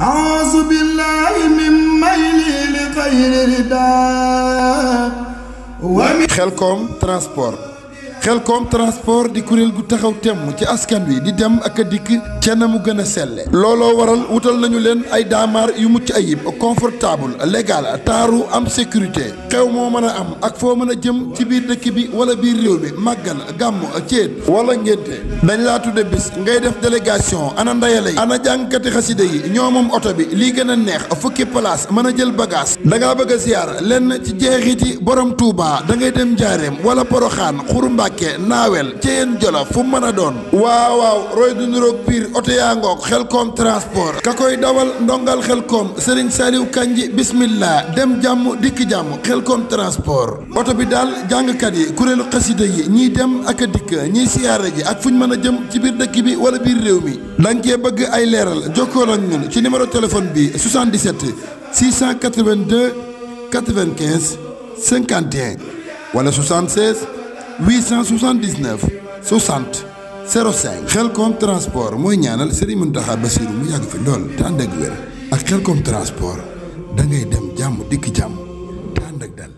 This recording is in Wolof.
أعوذ بالله من ميلي لغير رداء ومن خلكم ترانسبورت Xelkom transport di kuréel gu taxaw temm ci askan wi di dem ak a dikk ca na mu gën a selle looloo waral wutal nañu leen ay daamaar yu mucc ayib confortable légal taaru am sécurité xew moo mën a am ak foo mën a jëm ci biir dëkk bi wala biir réew mi màggal gàmm céet wala ngénte dañ laa tudde bis ngay def délégation ana ndayale yi ana jàngkati xasida yi ñoo moom oto bi lii gën a neex fukki place mën a jël bagage da ngaa bëgg lenn ci jeexiti borom Touba da ngay dem Njaareem wala Poroxaan Xuru Mbàkke Mbàkke naawel ceyeen jola fu mën a doon waaw waaw roy du niroog piir oto yaa ngoog xelkoom transport ka koy dawal ndongal xelkoom sëriñ Saliou Kanji bismillah dem jàmm dikk jàmm xelkoom transport oto bi daal jàngkat yi kuréelu xasida yi ñiy dem ak a dikk ñiy siyaara ji ak fu ñu mën a jëm ci biir dëkk bi wala biir réew mi da bëgg ay leeral jokkool ak ñun ci numéro téléphone bi 77 682 95 51 wala 76 879 60 05 Xelcom transport mooy ñaanal Serigne Mountakha Bassirou mu yàgg fi lool te ànd ak wér ak Xelcom transport da ngay dem jàmm dikk jàmm te ànd ak dal